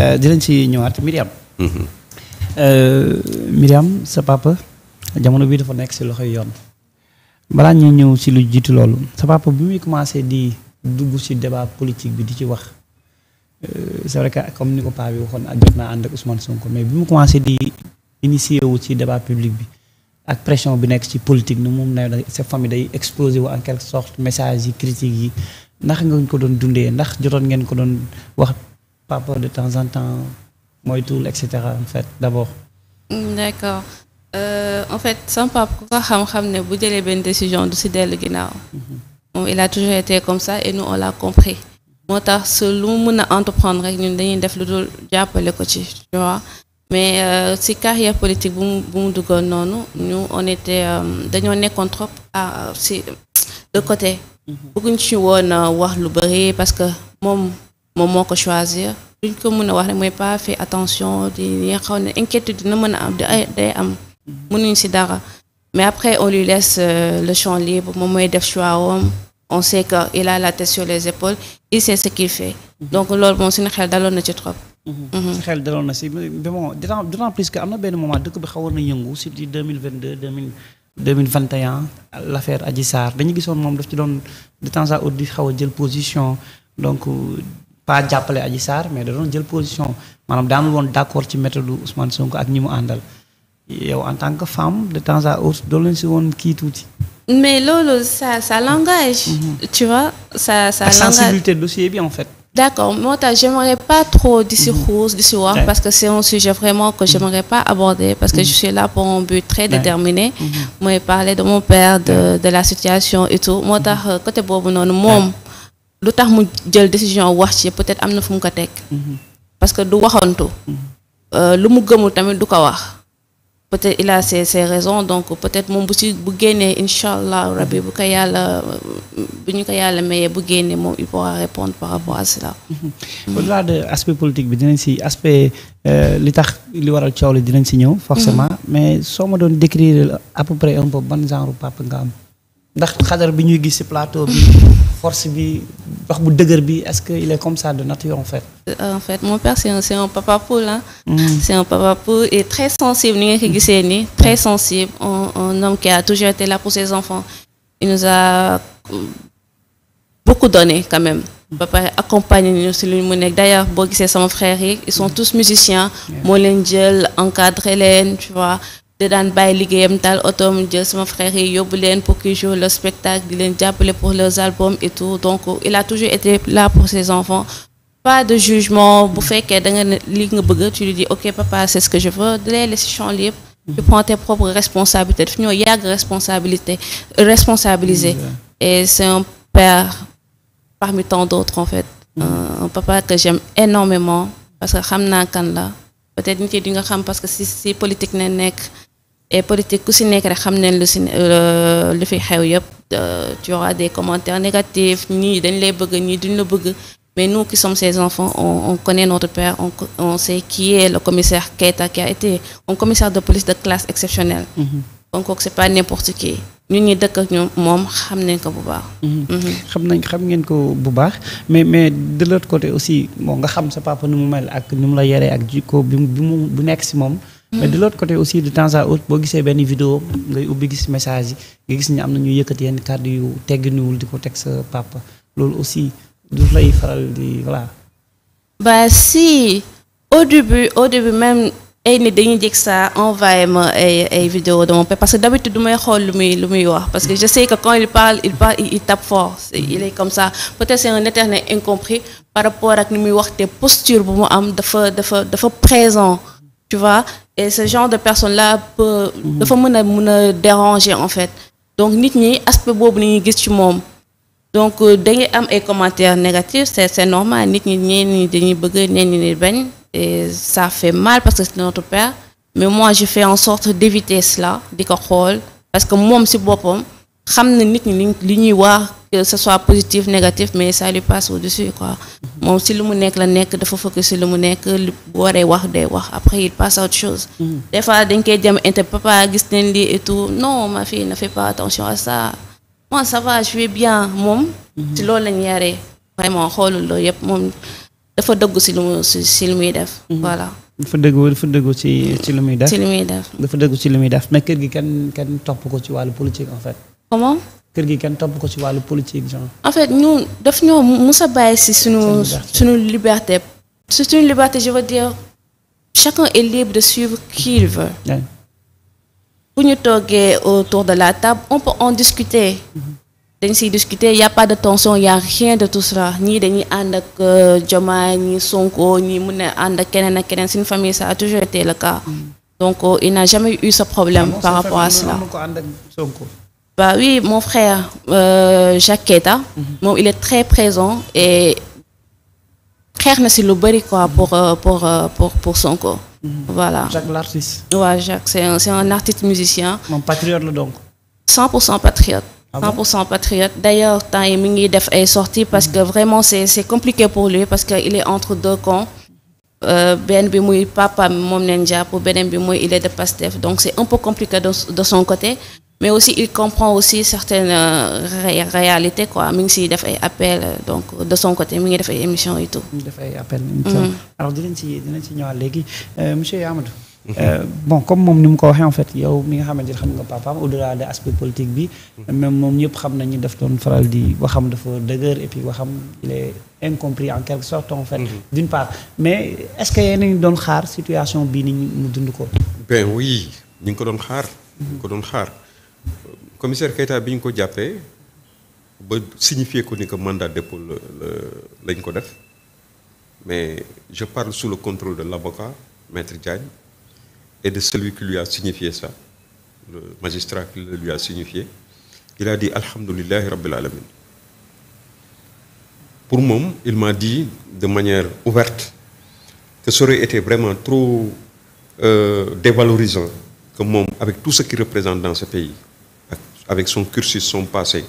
Eh, dinañ si ñëwaat Myriam. Mm-hmm. Eh, Myriam sa papa jamono bii dafa nekk ci loxoy yoon. balaa ñuy ñëw si lu jiitu loolu sa papa bi muy commencé di dugg si débat politique bi di ci wax eh, c'est vrai comme ni ko paa bi ak jot ànd ak Sonko mais bi mu commencé di initié wu ci débat public bi ak pression bi nekk ci politique ni moom ne sa famille day exposé wu en quelque sorte message yi critiques yi ndax nga ko doon dundee ndax jotoon ngeen ko doon wax pas peur de temps en temps moytuwul et cetera en fait d' abord. Mm, euh, en fait sama ku ko xam-xam ne bu jëlee benn décision du si dellu ginnaaw. moom il a toujours été comme ça et nous on l'a compris. moo tax su lu mu mën a entreprendre rek ñu dañuy def lu dul jàppale ko ci tu vois mais euh, si carrière politique bu mu duggoon noonu ñu on était euh, dañoo nekkoon trop à de côté. Mhm. bëgguñ ci woon wax lu bëri parce que moom. moom moo ko choisir duñ ko mën a wax rek mooy pas fait attention di nga xaw ne inquiétude dina mën a am day am mënuñ si dara mais après on lui laisse euh, le champ libre moom mooy def choix on sait que il la tête sur les épaules il sait ce qu'il fait mhm. donc loolu xel daloon na ci trop mhm. mhm. si xel daloon na si mais bon d'autant d'autant plus que am na benn moment dëkk bi xawoon na yëngu surtout 2022 2000 2021 l'affaire Adji Sarr dañu gisoon moom daf ci doon de temps à autre di xaw a jël position donc euh, pas jàppale Adji Sarr mais da jël position maanaam daanul woon d'accord ci méthode Ousmane Sonko ak ñi àndal yow en tant que femme de temps à autre doo leen si woon kii tuuti. mais loolu ça ça langage. Mhm. tu vois ça ça langage la sensibilité moo tax j'aimerais pas trop mhm. di si parce que c'est un sujet vraiment que mhm. j'aimerais pas aborder parce que je suis là pour un but très déterminé mooy parler de mon père de la situation et moo tax euh, côté boobu noonu moom. lu tax mu jël décision wax ci peut-être am na fu mu ko teg mhm. parce que du waxantu mhm. euh, lu mu gëmul tamit du ko wax peut-être il a ses ses raisons donc peut-être moom bu si bu génnee incha allah rabbi bu ko yàlla bu ñu ko yàlla maye bu génnee moom il pourra répondre par rapport à cela mhm. au-delà de aspect politique bi dinañ si aspect euh, li tax li waral coow li dinañ si ñëw forcément mais soo ma doon décrire à peu près un peu ban genre papa nga am ndax xadar bi ñuy gis ci plateau bi force bi wax bu dëgër bi est-ce que il est comme ça de nature en fait. Euh, en fait mon père c'est un c'est un papa poule mm. c'est un papa et très sensible ni nga ko gisee ni très sensible un un homme qui a toujours été là pour ses enfants il nous a beaucoup donné quand même. ba pare accompagner ñu si lu mu nekk d'ailleurs boo gisee sama frère yi ils sont tous musiciens. moo leen jël encadré leen vois. de daan bàyyi liggéeyam daal otoom jël sama frère yi leen pour qu'ils jouent leur spectacle di leen jàppale pour leurs albums et tout donc il a toujours été là pour ses enfants pas de jugement bu fekkee da nga ne nga bëgg tu lui dis ok papa c'est ce que je veux da laisser champ libre mm-hmm. tu prends tes propres responsabilités daf ñoo yàgg responsabilité responsabiliser mm-hmm. et c'est un père parmi tant d'autres en fait mm-hmm. un papa que j'aime énormément parce que xam naa la peut nga xam parce que si si nekk et politique ku si nekk rek xam nañ lu si euh, lu fi xew yëpp euh, tu auras des commentaires négatifs dañ lay bëgg ñii duñ la bëgg mais nous qui sommes ces enfants on, on connaît notre père on, on sait qui est le commissaire Keita qui a été commissaire de police de classe exceptionnelle mm -hmm. donc kooku c'est pas n'importe qui ñun ñi dëkk ak ñoom moom xam nañ ko bu baax. Mm-hmm. Mm-hmm. xam nañ xam ngeen ko bu baax mais mais de l'autre côté aussi bon nga xam sa papa nu mu mel ak nu mu la yaree ak jikko bi bu nekk ci moom. mais de l'autre côté aussi de temps à autre boo gisee benn vidéo ngay ubbi gis message yi nga gis ni am na ñuy yëkkati yenn kàddu yu tegginuwul di ko teg sa papa loolu aussi du lay faral di voilà. bah si au début au début même ay nit dañuy jëkk sa envoyé ma ay ay vidéo de parce que d'habitude du may xool lu muy lu muy wax parce que je sais que quand il parle il parle il tape fort il est comme ça peut-être c'est un éternel incompris par rapport ak ni muy wax te posture bu mu am dafa dafa dafa présent. tu vois et ce genre de personne la peut dafa mën a mën a déranger en fait donc nit ñi aspect boobu la ñuy gis ci moom donc euh, dañuy am ay commentaires négatifs c'est c'est normal nit ñi ñeen ñi dañuy bëgg ñeen ñi bañ et ça fait mal parce que c'est notre père mais moi je fais en sorte d'éviter cela di ko xool parce que moom si boppam xam na nit ñi li ñuy wax que ce soit positif négatif mais ça lui passe au-dessus quoi moom si lu mu nekk la nekk dafa focus si lu mu nekk lu waree wax day wax après il passe à autre mm-hmm. dañ koy jëm inter papa gis nañ lii et tout ma fille ne fait pas attention à ça moom mm-hmm. loolu lañ yaree vraiment xoolul loolu yëpp moom dafa dëgg si lu mu si lu muy def mm-hmm. voilà dafa dëggu dafa dëggu ci ci lu muy def dafa dëggu si lu muy def mais kër gi kan kan topp ko ci wàllu politique en fait comment. kër gi kenn topp ko ci wàllu politique genre. en fait ñun daf ñoo mus a bàyyi si suñu. suñu liberté si suñu liberté je dire chacun est libre de suivre qui il bu ñu toogee autour de la table on peut en discuter. Mm-hmm. dañ si discuter y' a pas de tension a rien de tout ça ñii dañuy ànd ak euh, Diomaye ñii Sonko ñii mun a ànd ak keneen ak keneen suñu famille ça a toujours été le cas. Mm-hmm. donc euh, il n'a jamais eu ce problème. par rapport à cela. Bah oui, mon frère euh, Jacques Keita, mm -hmm. il est très présent et xeex na si lu bëri quoi mhm. euh, euh, pour pour pour pour Sonko. Mm -hmm. voilà Jacques l'artiste. waaw ouais, Jacques c'est un c'est un artiste musicien. moom patriote la donc. Ah patriote. d'ailleurs temps yi mi ngi def ay sorti parce mm que vraiment c'est c'est compliqué pour lui parce que il est entre deux camps. Euh, benn bi muy papa moom leen jàpp beneen bi muy il est de Pastef donc c'est un peu compliqué de son côté. mais aussi il comprend aussi certaines euh, ré réalités quoi mi ngi siy def ay appel euh, donc de son côté mi ngi def émission émissions et tout. def ay appel émission mm-hmm. alors dinañ si dinañ si ñëwaat léegi euh, monsieur Amadou. Mm-hmm. bon comme moom ni mu ko waxee en fait yow mi nga xamante ne xam nga papaam au-delà de bi. Mm-hmm. même moom ñëpp xam nañu daf doon faral di waxam dafa dëgër et puis waxam il e incompris en quelque sorte en fait. d'une part mais est-ce que yéen a ngi doon xaar situation bii ni mu dund ko. ben oui ñu ngi ko doon xaar. ñu ko doon xaar. commissaire Keita bi ñu ko jàppee ba signifier ko ni que mandat dépôt la lañ ko def mais je parle sous le contrôle de l'avocat maître Diagne et de celui qui lui a signifié ça le magistrat qui lui a signifié il a dit alhamdulillahi rabbil alamin pour moom il m'a dit de manière ouverte que ça aurait été vraiment trop euh, dévalorisant comme moom avec tout ce qu'il représente dans ce pays avec son cursus son passé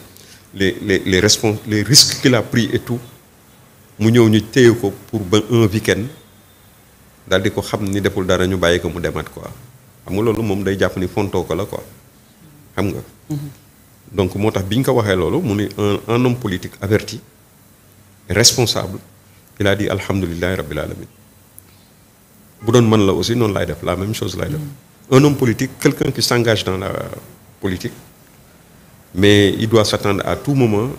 les les les respons les risques qu'il a pris et tout mu ñëw ñu téye ko pour ba un week daal di ko xam ni deful dara ñu bàyyi ko mu demaat quoi xam loolu moom day jàpp ni fontoo ko la quoi xam nga. Mm-hmm. donc moo tax bi ko waxee loolu mu ne un un homme politique averti responsable il a dit alhamdulilah rabbil alamin bu doon man la aussi noonu laay def la même chose lay def mm-hmm. un homme politique quelqu'un qui s'engage dans la politique. mais il doit s'attendre à tout moment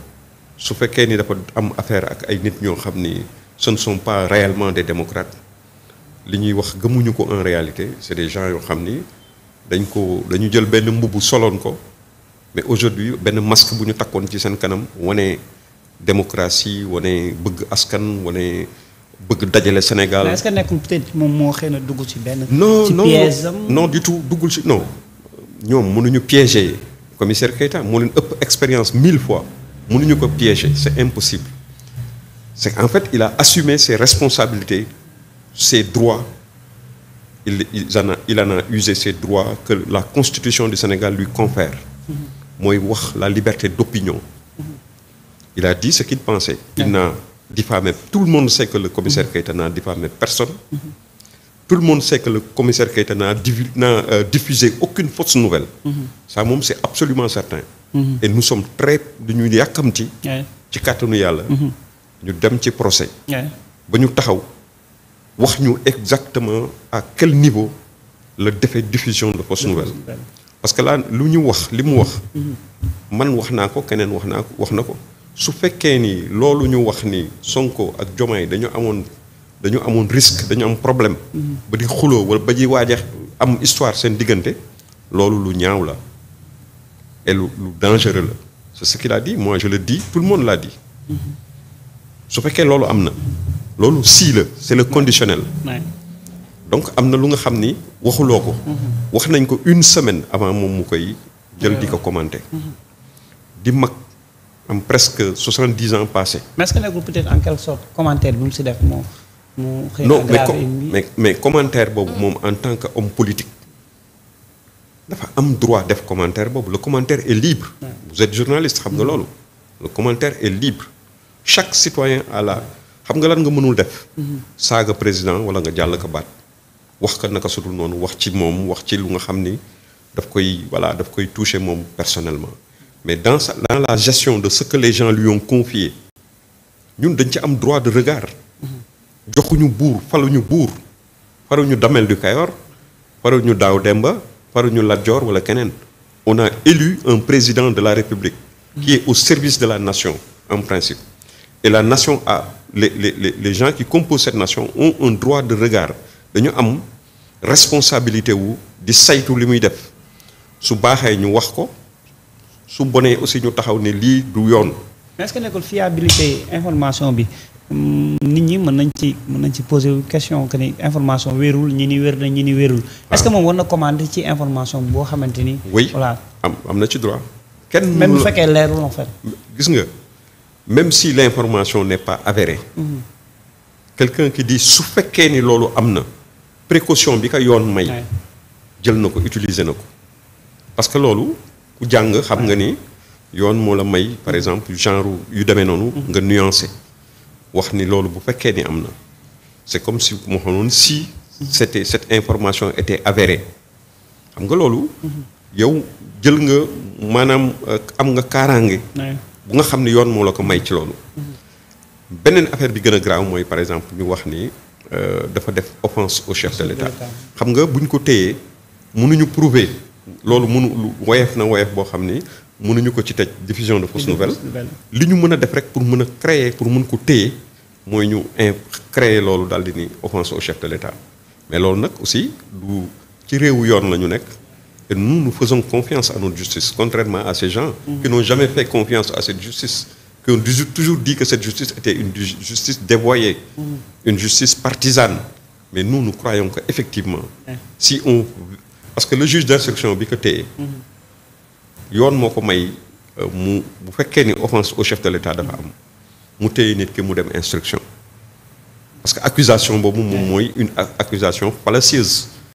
su fekkee ni dafa am affaire ak ay nit ñoo xam ni ce some pas réellement des démocrates li ñuy wax gëmuñu ko en réalité c'est des gens yoo xam ni dañ ko dañu jël benn mbubb soloon ko mais aujourd'hui benn masque bu ñu takkoon ci seen kanam wane démocratie wane bëgg askan wane bëgg dajale Sénégal. est-ce que moom moo xëy na dugg ci benn. non non non du tout duggul ci non ñoom mënuñu piéger. commissaire Keita moo leen ëpp expérience mille fois mënuñu ko piéger c'est impossible c'est qu'en fait il a assumé ses responsabilités ses droits il en a il en a usé ses droits que la constitution du Sénégal lui confère. mooy wax la liberté d'opinion. il a dit ce qu'il pensait. il n'a diffamé tout le monde sait que le commissaire Keita n'a diffamé personne. tout le monde sait que le commissaire Keita n'a euh, diffusé aucune fausse nouvelle. Mm moom c'est absolument certain. Mm -hmm. Et nous sommes très dañuy yàkkamti. ci kàttanu yàlla. Mm-hmm. ñu dem ci procès. ba ñu taxaw wax ñu exactement ak quel niveau la defe diffusion de fausse nouvelle. parce que là lu ñu wax li mu wax. Mm-hmm. man wax naa ko keneen wax naa ko wax na ko su fekkee ni loolu ñu wax ni Sonko ak Diomaye dañu amoon. dañu amoon risque dañu am problème. Mm-hmm. ba di xuloo wala ba di waaja am histoire seen diggante loolu lu ñaaw la et lu lu la c'est ce qu'il a dit je le dis tout le monde l'a dit mm-hmm. su fekkee loolu am na loolu sii la c'est le conditionnel. donc am na lu nga xam ni waxuloo ko. Mm-hmm. wax nañ ko une semaine avant moom mu koy jël di ko commenter. di mag. am presque soixante-dix ans passés. mais est-ce nekkul peut en quelque sorte commentaire bi mu si def moom. mu xëy non mais mais mais commentaire boobu moom en tant que homme politique dafa am droit def commentaire boobu la commentaire est libre. vous êtes journaliste xam nga mm. loolu. le commentaire est libre chaque citoyen à la xam nga lan nga mënul def. Mm-hmm. saaga président wala nga jàll ko baat wax ka naka sudul noonu wax ci moom wax ci lu nga xam ni daf koy voilà daf koy toucher moom personnellement mais dans sa dans la gestion de ce que les gens lui ñun dañ ci am droit de regard. joxuñu buur faluñu buur faruñu Damel du Kayor faruñu Daaw Demba faruñu Lat Joor wala keneen on a élu un président de la République qui au service de la nation en principe et la nation a les les les gens qui composent cette nation ont un droit de regard dañu am responsabilité wu di saytu li muy def su baaxee ñu wax ko su bonee aussi ñu taxaw ni lii du yoon. mais est nekkul fiabilité information bi. nit ñi mën nañ ci mën nañ ci poser question que ni information wérul ñi ni wér na ñi ni wérul ah. est-ce que moom war na commander ci information boo xamante ni voilà am am na ci droit kenn même bu fekkee leerul fait gis nga même si l'information n'est pas avérée mhm. quelqu'un qui di su fekkee ni loolu am na précaution bi ka yoon may jël na ko utiliser na ko parce que loolu ku jàng xam nga ni yoon moo la may par mhm. exemple genre yu demee noonu mhm. nga nuancer wax ni loolu bu fekkee ni am na c'est comme si mu xamoon si c'était cette information était avérée xam nga loolu yow jël nga maanaam euh, am nga kaaraange bu nga xam ne yoon moo la ko may ci loolu beneen affaire bi gën a grave mooy par exemple ñu wax ni euh, dafa def offense au chef de l'État xam nga buñ ko téyee mënuñu prouver loolu mënu woyef na woyef boo xam ni mënuñu ko ci tëj diffusion de fausse nouvelle li ñu mën a def rek pour mën a créer pour mën ko téye mooy ñu in créer loolu daal di ni offense au chef de l'État mais loolu nag aussi du ci réewu yoon la ñu nekk et nous nous faisons confiance à notre justice contrairement à ces gens mm-hmm. qui n'ont jamais fait confiance à cette justice qui ont toujours dit que cette justice était une justice dévoyée mm-hmm. une justice partisane mais nous nous croyons que effectivement si on parce que le juge d'instruction bi ko mm-hmm. yoon moo ko may euh, mu bu fekkee ni offense au chef de l'État dafa am mu téye nit ki mu dem instruction parce que accusation boobu moom mooy une accusation fallacieuse